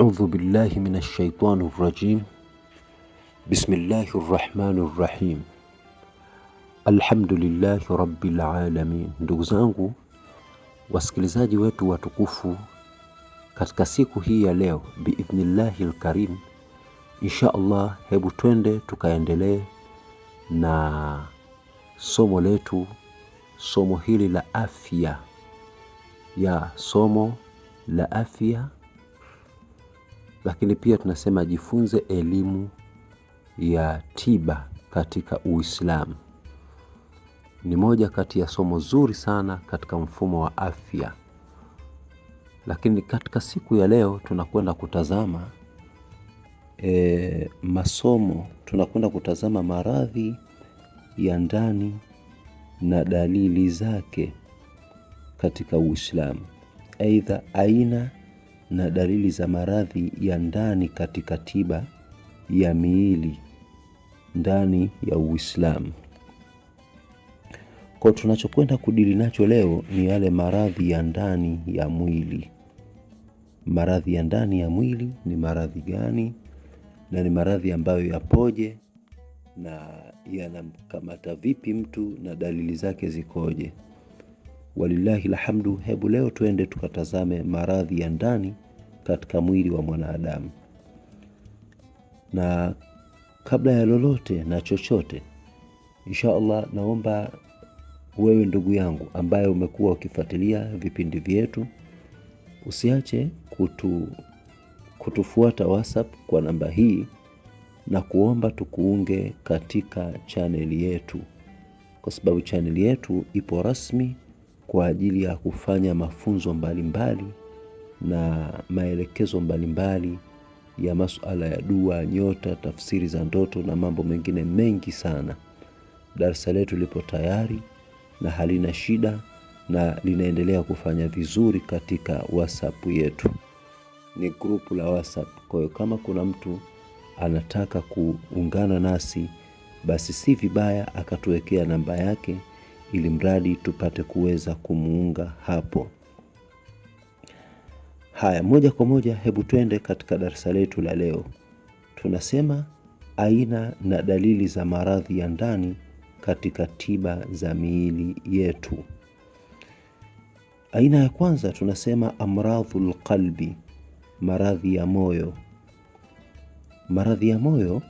Audhu billahi min shaitani rajim. Bismillahi rahmani rahim. Alhamdulillahi rabilalamin Ndugu zangu wasikilizaji wetu watukufu, katika siku hii ya leo biidhnillahi lkarim, insha Allah, hebu twende tukaendelee na somo letu, somo hili la afya ya somo la afya lakini pia tunasema jifunze elimu ya tiba katika Uislamu. Ni moja kati ya somo zuri sana katika mfumo wa afya. Lakini katika siku ya leo tunakwenda kutazama e, masomo tunakwenda kutazama maradhi ya ndani na dalili zake katika Uislamu, aidha aina na dalili za maradhi ya ndani katika tiba ya miili ndani ya Uislamu. Kwa tunachokwenda kudili nacho leo ni yale maradhi ya ndani ya mwili. Maradhi ya ndani ya mwili ni maradhi gani, na ni maradhi ambayo yapoje na yanamkamata vipi mtu na dalili zake zikoje? Walillahi lhamdu Hebu leo twende tukatazame maradhi ya ndani katika mwili wa mwanadamu, na kabla ya lolote na chochote, insha Allah, naomba wewe ndugu yangu ambaye umekuwa ukifuatilia vipindi vyetu usiache kutu, kutufuata WhatsApp kwa namba hii na kuomba tukuunge katika chaneli yetu, kwa sababu chaneli yetu ipo rasmi kwa ajili ya kufanya mafunzo mbalimbali na maelekezo mbalimbali ya masuala ya dua, nyota, tafsiri za ndoto na mambo mengine mengi sana. Darasa letu lipo tayari na halina shida na linaendelea kufanya vizuri katika WhatsApp yetu. Ni grupu la WhatsApp. Kwa hiyo kama kuna mtu anataka kuungana nasi, basi si vibaya akatuwekea namba yake ili mradi tupate kuweza kumuunga hapo. Haya, moja kwa moja, hebu twende katika darasa letu la leo. Tunasema aina na dalili za maradhi ya ndani katika tiba za miili yetu. Aina ya kwanza tunasema amradhul qalbi, maradhi ya moyo. Maradhi ya moyo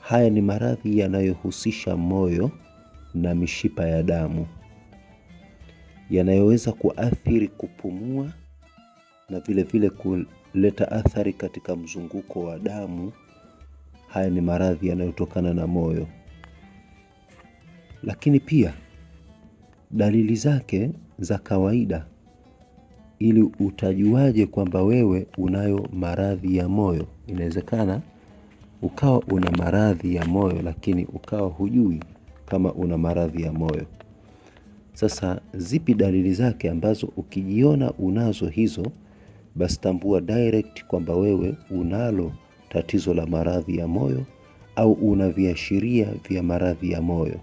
haya ni maradhi yanayohusisha moyo na mishipa ya damu yanayoweza kuathiri kupumua na vile vile kuleta athari katika mzunguko wa damu. Haya ni maradhi yanayotokana na moyo. Lakini pia dalili zake za kawaida, ili utajuaje kwamba wewe unayo maradhi ya moyo? Inawezekana ukawa una maradhi ya moyo lakini ukawa hujui kama una maradhi ya moyo. Sasa zipi dalili zake ambazo ukijiona unazo hizo, basi tambua direct kwamba wewe unalo tatizo la maradhi ya moyo au una viashiria vya maradhi ya moyo.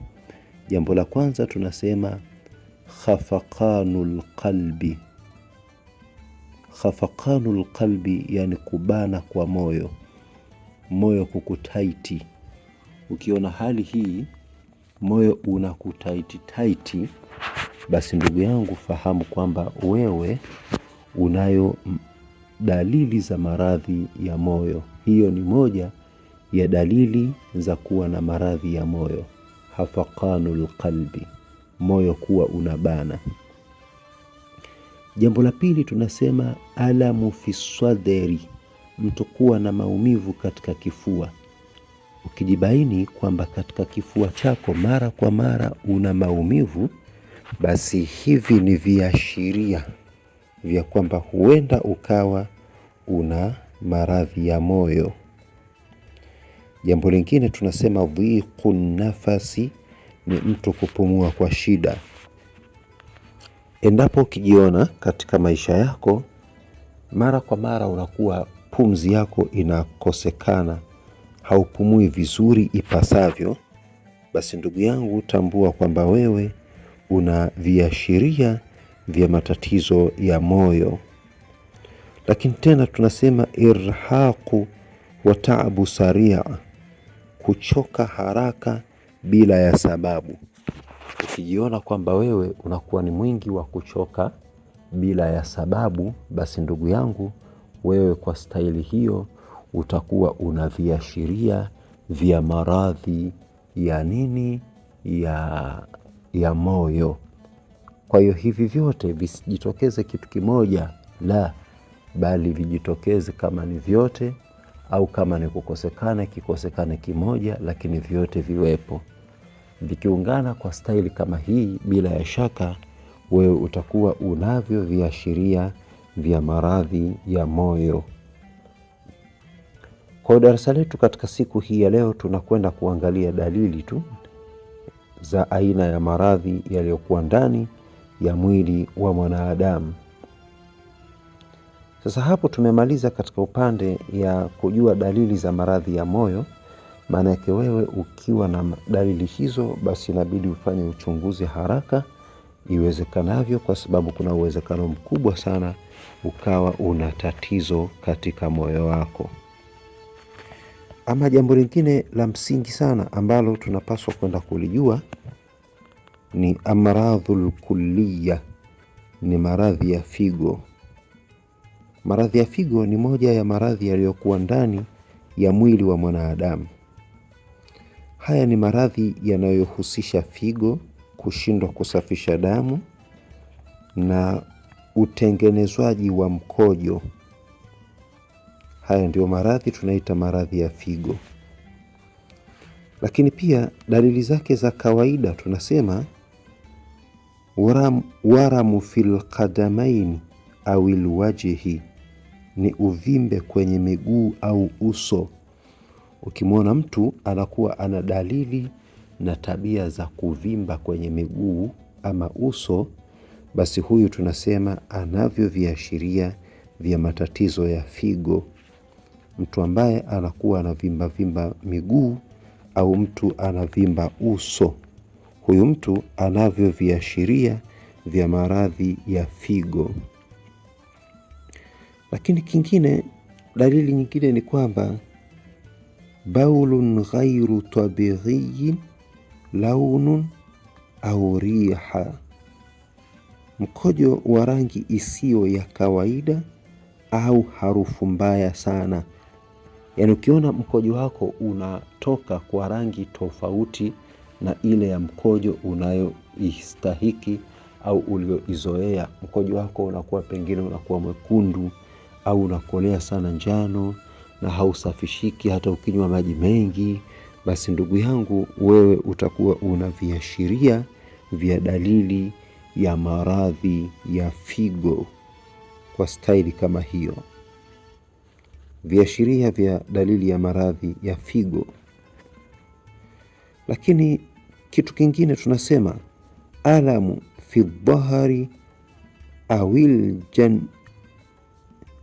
Jambo la kwanza tunasema khafaqanul qalbi. Khafaqanul qalbi, yani kubana kwa moyo, moyo kukutaiti. Ukiona hali hii moyo unakutaiti taiti, basi ndugu yangu fahamu kwamba wewe unayo dalili za maradhi ya moyo. Hiyo ni moja ya dalili za kuwa na maradhi ya moyo, hafakanul qalbi, moyo kuwa unabana. Jambo la pili tunasema alamu fi sadri, mtu kuwa na maumivu katika kifua. Ukijibaini kwamba katika kifua chako mara kwa mara una maumivu, basi hivi ni viashiria vya kwamba huenda ukawa una maradhi ya moyo. Jambo lingine tunasema dhiqu nafasi, ni mtu kupumua kwa shida. Endapo ukijiona katika maisha yako mara kwa mara unakuwa pumzi yako inakosekana haupumui vizuri ipasavyo, basi ndugu yangu, tambua kwamba wewe una viashiria vya matatizo ya moyo. Lakini tena tunasema irhaqu wa taabu saria, kuchoka haraka bila ya sababu. Ukijiona kwamba wewe unakuwa ni mwingi wa kuchoka bila ya sababu, basi ndugu yangu, wewe kwa staili hiyo utakuwa una viashiria vya maradhi ya nini ya, ya moyo. Kwa hiyo hivi vyote visijitokeze kitu kimoja, la bali vijitokeze kama ni vyote, au kama ni kukosekana kikosekane kimoja, lakini vyote viwepo. Vikiungana kwa staili kama hii, bila ya shaka wewe utakuwa unavyo viashiria vya maradhi ya moyo. Kwa darasa letu katika siku hii ya leo tunakwenda kuangalia dalili tu za aina ya maradhi yaliyokuwa ndani ya mwili wa mwanadamu. Sasa hapo tumemaliza katika upande ya kujua dalili za maradhi ya moyo. Maana yake wewe ukiwa na dalili hizo, basi inabidi ufanye uchunguzi haraka iwezekanavyo, kwa sababu kuna uwezekano mkubwa sana ukawa una tatizo katika moyo wako. Ama jambo lingine la msingi sana ambalo tunapaswa kwenda kulijua ni amradhul kulliya, ni maradhi ya figo. Maradhi ya figo ni moja ya maradhi yaliyokuwa ndani ya mwili wa mwanadamu. Haya ni maradhi yanayohusisha figo kushindwa kusafisha damu na utengenezwaji wa mkojo Haya ndiyo maradhi tunaita maradhi ya figo. Lakini pia dalili zake za kawaida tunasema waramu, waramu fil qadamaini au ilwajihi, ni uvimbe kwenye miguu au uso. Ukimwona mtu anakuwa ana dalili na tabia za kuvimba kwenye miguu ama uso, basi huyu tunasema anavyo viashiria vya matatizo ya figo mtu ambaye anakuwa anavimba vimba miguu au mtu anavimba uso, huyu mtu anavyo viashiria vya maradhi ya figo. Lakini kingine, dalili nyingine ni kwamba baulun ghairu tabiiyin launun au riha, mkojo wa rangi isiyo ya kawaida au harufu mbaya sana Yaani ukiona mkojo wako unatoka kwa rangi tofauti na ile ya mkojo unayoistahiki au ulioizoea, mkojo wako unakuwa pengine unakuwa mwekundu au unakolea sana njano na hausafishiki hata ukinywa maji mengi, basi ndugu yangu, wewe utakuwa una viashiria vya dalili ya maradhi ya figo kwa staili kama hiyo viashiria vya dalili ya maradhi ya figo. Lakini kitu kingine tunasema alamu fi dhahari awil jan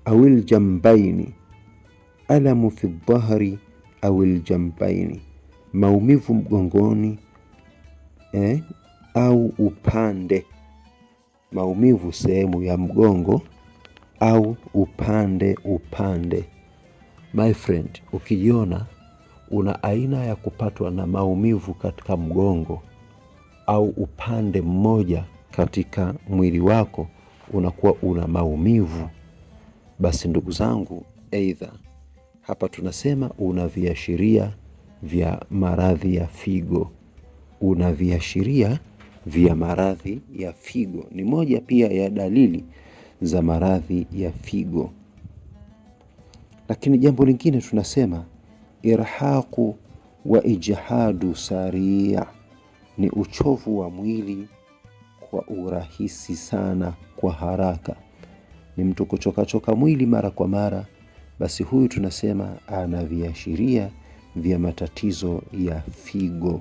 awil jambaini, alamu fi dhahari awil jambaini, maumivu mgongoni eh, au upande, maumivu sehemu ya mgongo au upande upande my friend, ukijiona una aina ya kupatwa na maumivu katika mgongo au upande mmoja katika mwili wako unakuwa una maumivu, basi ndugu zangu, aidha hapa tunasema una viashiria vya maradhi ya figo. Una viashiria vya maradhi ya figo, ni moja pia ya dalili za maradhi ya figo. Lakini jambo lingine tunasema irhaqu wa ijhadu saria, ni uchovu wa mwili kwa urahisi sana, kwa haraka, ni mtu kuchokachoka mwili mara kwa mara, basi huyu tunasema ana viashiria vya matatizo ya figo.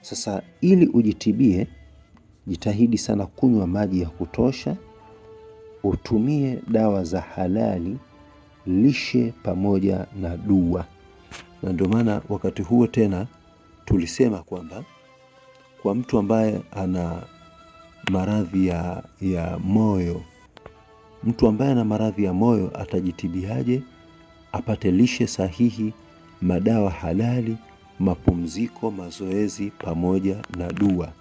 Sasa ili ujitibie, jitahidi sana kunywa maji ya kutosha utumie dawa za halali, lishe pamoja na dua. Na ndio maana wakati huo tena tulisema kwamba kwa mtu ambaye ana maradhi ya, ya moyo, mtu ambaye ana maradhi ya moyo atajitibiaje? Apate lishe sahihi, madawa halali, mapumziko, mazoezi pamoja na dua,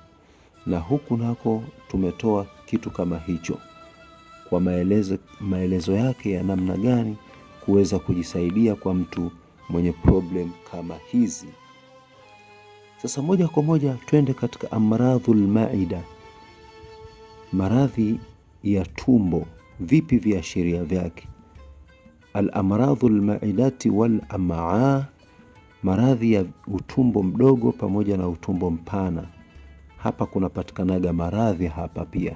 na huku nako tumetoa kitu kama hicho kwa maelezo, maelezo yake ya namna gani kuweza kujisaidia kwa mtu mwenye problem kama hizi. Sasa moja kwa moja twende katika amradhul maida, maradhi ya tumbo. Vipi viashiria vyake? amradhul maidati wal amaa, maradhi ya utumbo mdogo pamoja na utumbo mpana. Hapa kunapatikanaga maradhi hapa pia.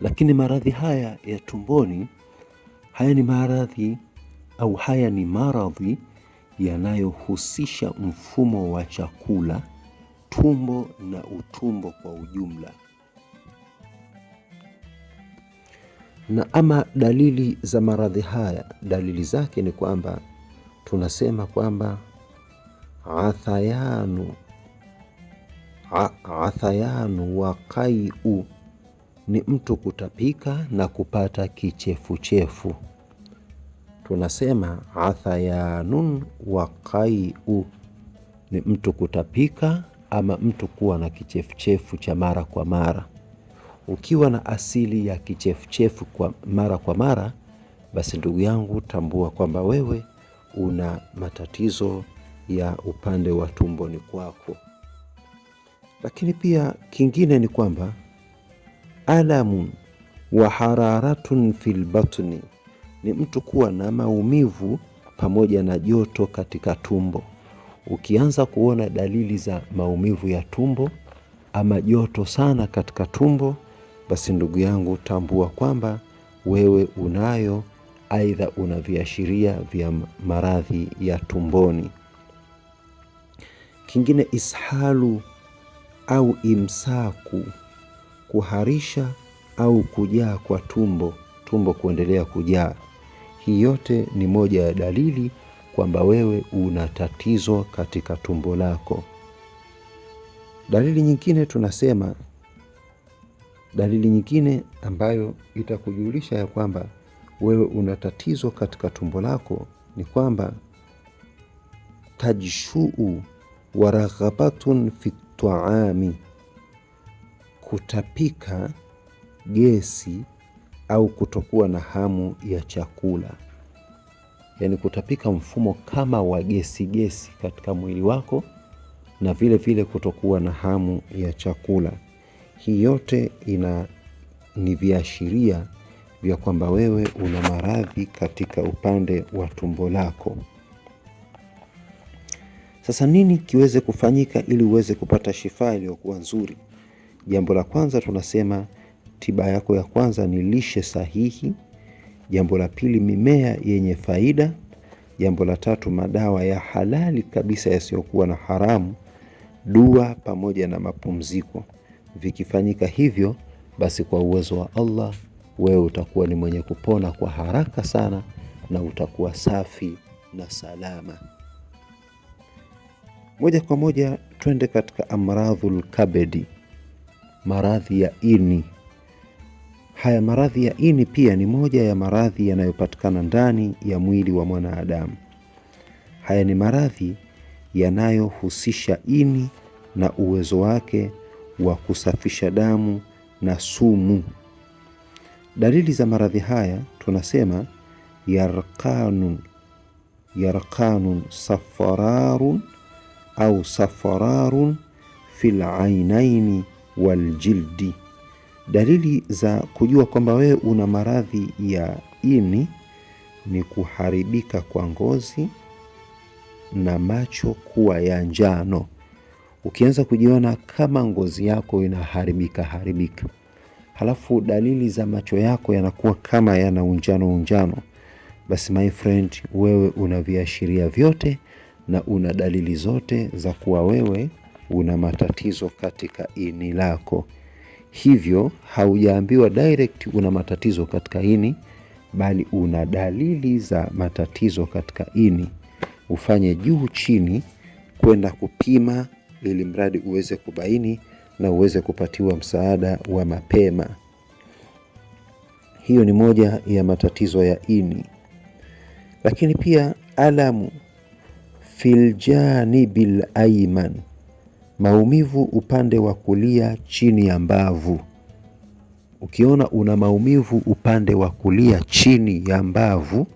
Lakini maradhi haya ya tumboni, haya ni maradhi au haya ni maradhi yanayohusisha mfumo wa chakula, tumbo na utumbo kwa ujumla. Na ama dalili za maradhi haya, dalili zake ni kwamba tunasema kwamba athayanu athayanu wa qaiu ni mtu kutapika na kupata kichefuchefu. Tunasema athayanun waqaiu, ni mtu kutapika ama mtu kuwa na kichefuchefu cha mara kwa mara. Ukiwa na asili ya kichefuchefu kwa mara kwa mara, basi ndugu yangu, tambua kwamba wewe una matatizo ya upande wa tumboni kwako. Lakini pia kingine ni kwamba alamun wa hararatun fil batni, ni mtu kuwa na maumivu pamoja na joto katika tumbo. Ukianza kuona dalili za maumivu ya tumbo ama joto sana katika tumbo, basi ndugu yangu, tambua kwamba wewe unayo aidha una viashiria vya maradhi ya tumboni. Kingine ishalu au imsaku kuharisha au kujaa kwa tumbo, tumbo kuendelea kujaa. Hii yote ni moja ya dalili kwamba wewe una tatizo katika tumbo lako. Dalili nyingine tunasema, dalili nyingine ambayo itakujulisha ya kwamba wewe una tatizo katika tumbo lako ni kwamba tajshuu wa raghabatun fi taami kutapika, gesi au kutokuwa na hamu ya chakula. Yaani kutapika mfumo kama wa gesi gesi katika mwili wako na vile vile kutokuwa na hamu ya chakula. Hii yote ina ni viashiria vya kwamba wewe una maradhi katika upande wa tumbo lako. Sasa nini kiweze kufanyika ili uweze kupata shifa iliyokuwa nzuri? Jambo la kwanza tunasema tiba yako ya kwanza ni lishe sahihi. Jambo la pili mimea yenye faida. Jambo la tatu madawa ya halali kabisa yasiyokuwa na haramu, dua pamoja na mapumziko. Vikifanyika hivyo, basi kwa uwezo wa Allah wewe utakuwa ni mwenye kupona kwa haraka sana na utakuwa safi na salama. Moja kwa moja twende katika amradhul kabedi maradhi ya ini. Haya maradhi ya ini pia ni moja ya maradhi yanayopatikana ndani ya mwili wa mwanadamu. Haya ni maradhi yanayohusisha ini na uwezo wake wa kusafisha damu na sumu. Dalili za maradhi haya tunasema yarqanun, yarqanun safararun au safararun fil ainaini waljildi. Dalili za kujua kwamba wewe una maradhi ya ini ni kuharibika kwa ngozi na macho kuwa ya njano. Ukianza kujiona kama ngozi yako inaharibika haribika, halafu dalili za macho yako yanakuwa kama yana unjano unjano, basi my friend, wewe una viashiria vyote na una dalili zote za kuwa wewe una matatizo katika ini lako. Hivyo haujaambiwa direct una matatizo katika ini, bali una dalili za matatizo katika ini. Ufanye juu chini kwenda kupima, ili mradi uweze kubaini na uweze kupatiwa msaada wa mapema. Hiyo ni moja ya matatizo ya ini. Lakini pia alamu filjanibil aiman Maumivu upande wa kulia chini ya mbavu. Ukiona una maumivu upande wa kulia chini ya mbavu,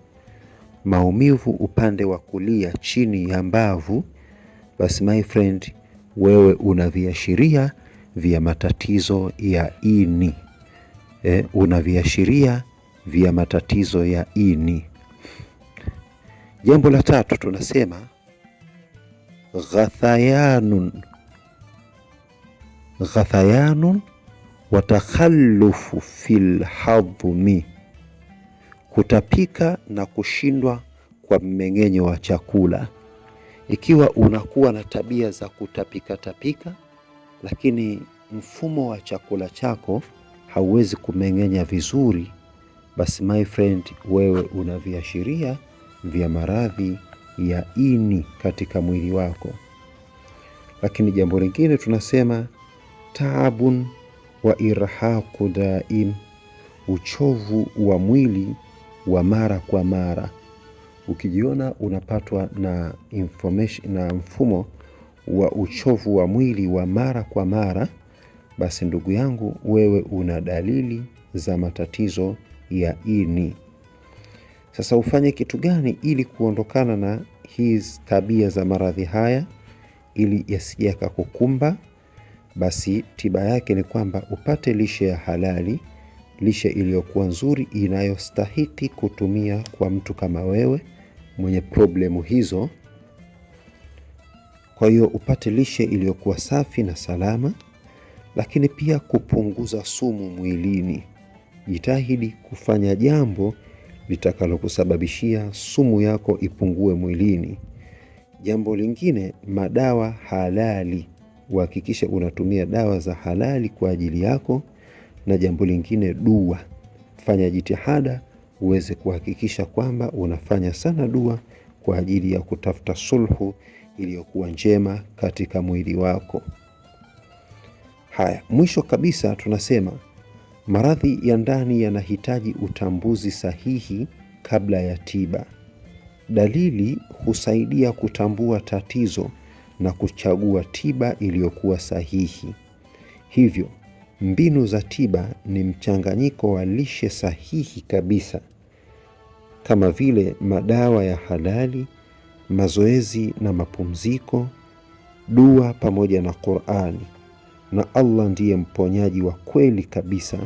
maumivu upande wa kulia chini ya mbavu, basi my friend, wewe una viashiria vya matatizo ya ini e, una viashiria vya matatizo ya ini. Jambo la tatu tunasema ghathayanun ghathayanun wa takhallufu fil hadhmi, kutapika na kushindwa kwa mmeng'enyo wa chakula. Ikiwa unakuwa na tabia za kutapika tapika, lakini mfumo wa chakula chako hauwezi kumeng'enya vizuri, basi my friend, wewe una viashiria vya maradhi ya ini katika mwili wako. Lakini jambo lingine tunasema taabun wa irhaqu daim, uchovu wa mwili wa mara kwa mara. Ukijiona unapatwa na information, na mfumo wa uchovu wa mwili wa mara kwa mara, basi ndugu yangu, wewe una dalili za matatizo ya ini. Sasa ufanye kitu gani ili kuondokana na hizi tabia za maradhi haya ili yasije yakakukumba? basi tiba yake ni kwamba upate lishe ya halali, lishe iliyokuwa nzuri inayostahiki kutumia kwa mtu kama wewe mwenye problemu hizo. Kwa hiyo upate lishe iliyokuwa safi na salama, lakini pia kupunguza sumu mwilini. Jitahidi kufanya jambo litakalokusababishia sumu yako ipungue mwilini. Jambo lingine, madawa halali uhakikishe unatumia dawa za halali kwa ajili yako, na jambo lingine dua. Fanya jitihada uweze kuhakikisha kwamba unafanya sana dua kwa ajili ya kutafuta sulhu iliyokuwa njema katika mwili wako. Haya, mwisho kabisa tunasema maradhi ya ndani yanahitaji utambuzi sahihi kabla ya tiba. Dalili husaidia kutambua tatizo na kuchagua tiba iliyokuwa sahihi. Hivyo, mbinu za tiba ni mchanganyiko wa lishe sahihi kabisa kama vile madawa ya halali, mazoezi na mapumziko, dua pamoja na Qur'ani. Na Allah ndiye mponyaji wa kweli kabisa,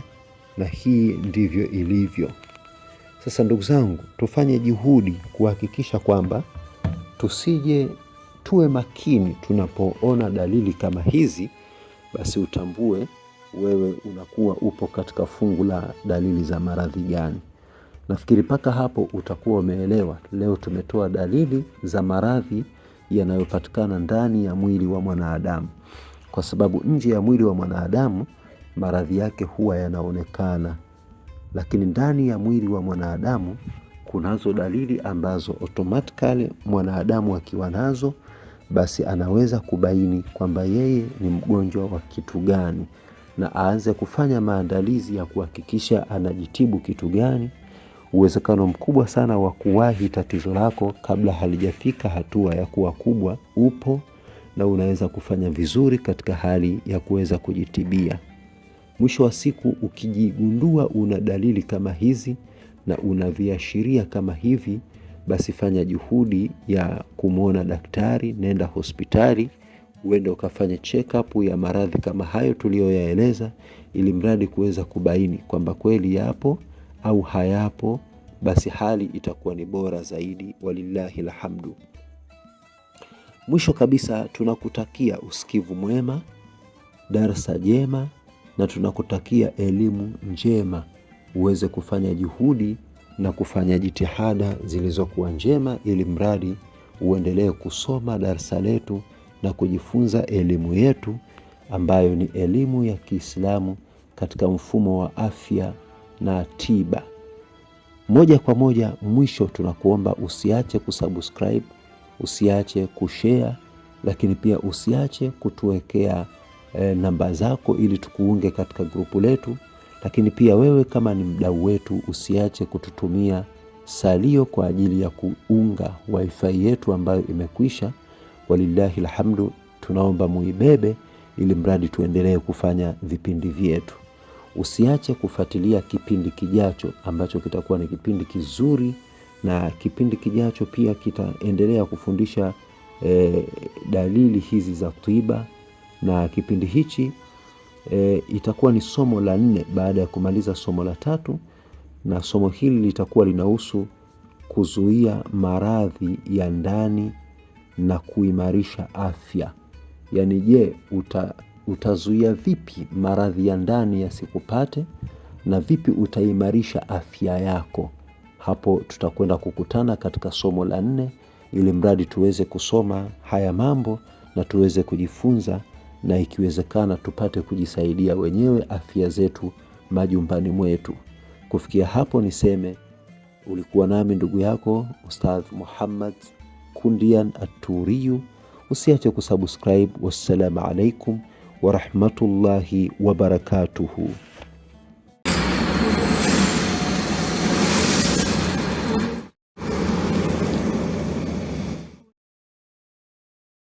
na hii ndivyo ilivyo. Sasa ndugu zangu, tufanye juhudi kuhakikisha kwamba tusije tuwe makini tunapoona dalili kama hizi, basi utambue wewe unakuwa upo katika fungu la dalili za maradhi gani. Nafikiri mpaka hapo utakuwa umeelewa. Leo tumetoa dalili za maradhi yanayopatikana ndani ya mwili wa mwanadamu, kwa sababu nje ya mwili wa mwanadamu maradhi yake huwa yanaonekana, lakini ndani ya mwili wa mwanadamu kunazo dalili ambazo automatically mwanadamu akiwa nazo basi anaweza kubaini kwamba yeye ni mgonjwa wa kitu gani na aanze kufanya maandalizi ya kuhakikisha anajitibu kitu gani. Uwezekano mkubwa sana wa kuwahi tatizo lako kabla halijafika hatua ya kuwa kubwa upo, na unaweza kufanya vizuri katika hali ya kuweza kujitibia. Mwisho wa siku, ukijigundua una dalili kama hizi na una viashiria kama hivi basi fanya juhudi ya kumwona daktari, nenda hospitali uende ukafanya check up ya maradhi kama hayo tuliyoyaeleza, ili mradi kuweza kubaini kwamba kweli yapo au hayapo, basi hali itakuwa ni bora zaidi. Walillahi alhamdu. Mwisho kabisa, tunakutakia usikivu mwema, darsa jema, na tunakutakia elimu njema, uweze kufanya juhudi na kufanya jitihada zilizokuwa njema, ili mradi uendelee kusoma darsa letu na kujifunza elimu yetu ambayo ni elimu ya Kiislamu katika mfumo wa afya na tiba. Moja kwa moja, mwisho tunakuomba usiache kusubscribe, usiache kushare, lakini pia usiache kutuwekea e, namba zako ili tukuunge katika grupu letu. Lakini pia wewe kama ni mdau wetu, usiache kututumia salio kwa ajili ya kuunga wifi yetu ambayo imekwisha. Walillahi alhamdu, tunaomba muibebe ili mradi tuendelee kufanya vipindi vyetu. Usiache kufuatilia kipindi kijacho ambacho kitakuwa ni kipindi kizuri, na kipindi kijacho pia kitaendelea kufundisha eh, dalili hizi za tiba na kipindi hichi e, itakuwa ni somo la nne baada ya kumaliza somo la tatu, na somo hili litakuwa linahusu kuzuia maradhi ya ndani na kuimarisha afya. Yaani, je, uta, utazuia vipi maradhi ya ndani yasikupate na vipi utaimarisha afya yako? Hapo tutakwenda kukutana katika somo la nne, ili mradi tuweze kusoma haya mambo na tuweze kujifunza na ikiwezekana tupate kujisaidia wenyewe afya zetu majumbani mwetu. Kufikia hapo, niseme ulikuwa nami ndugu yako Ustadh Muhammad Kundian Aturiyu. Usiache kusubscribe. Wassalamu alaikum warahmatullahi wabarakatuhu.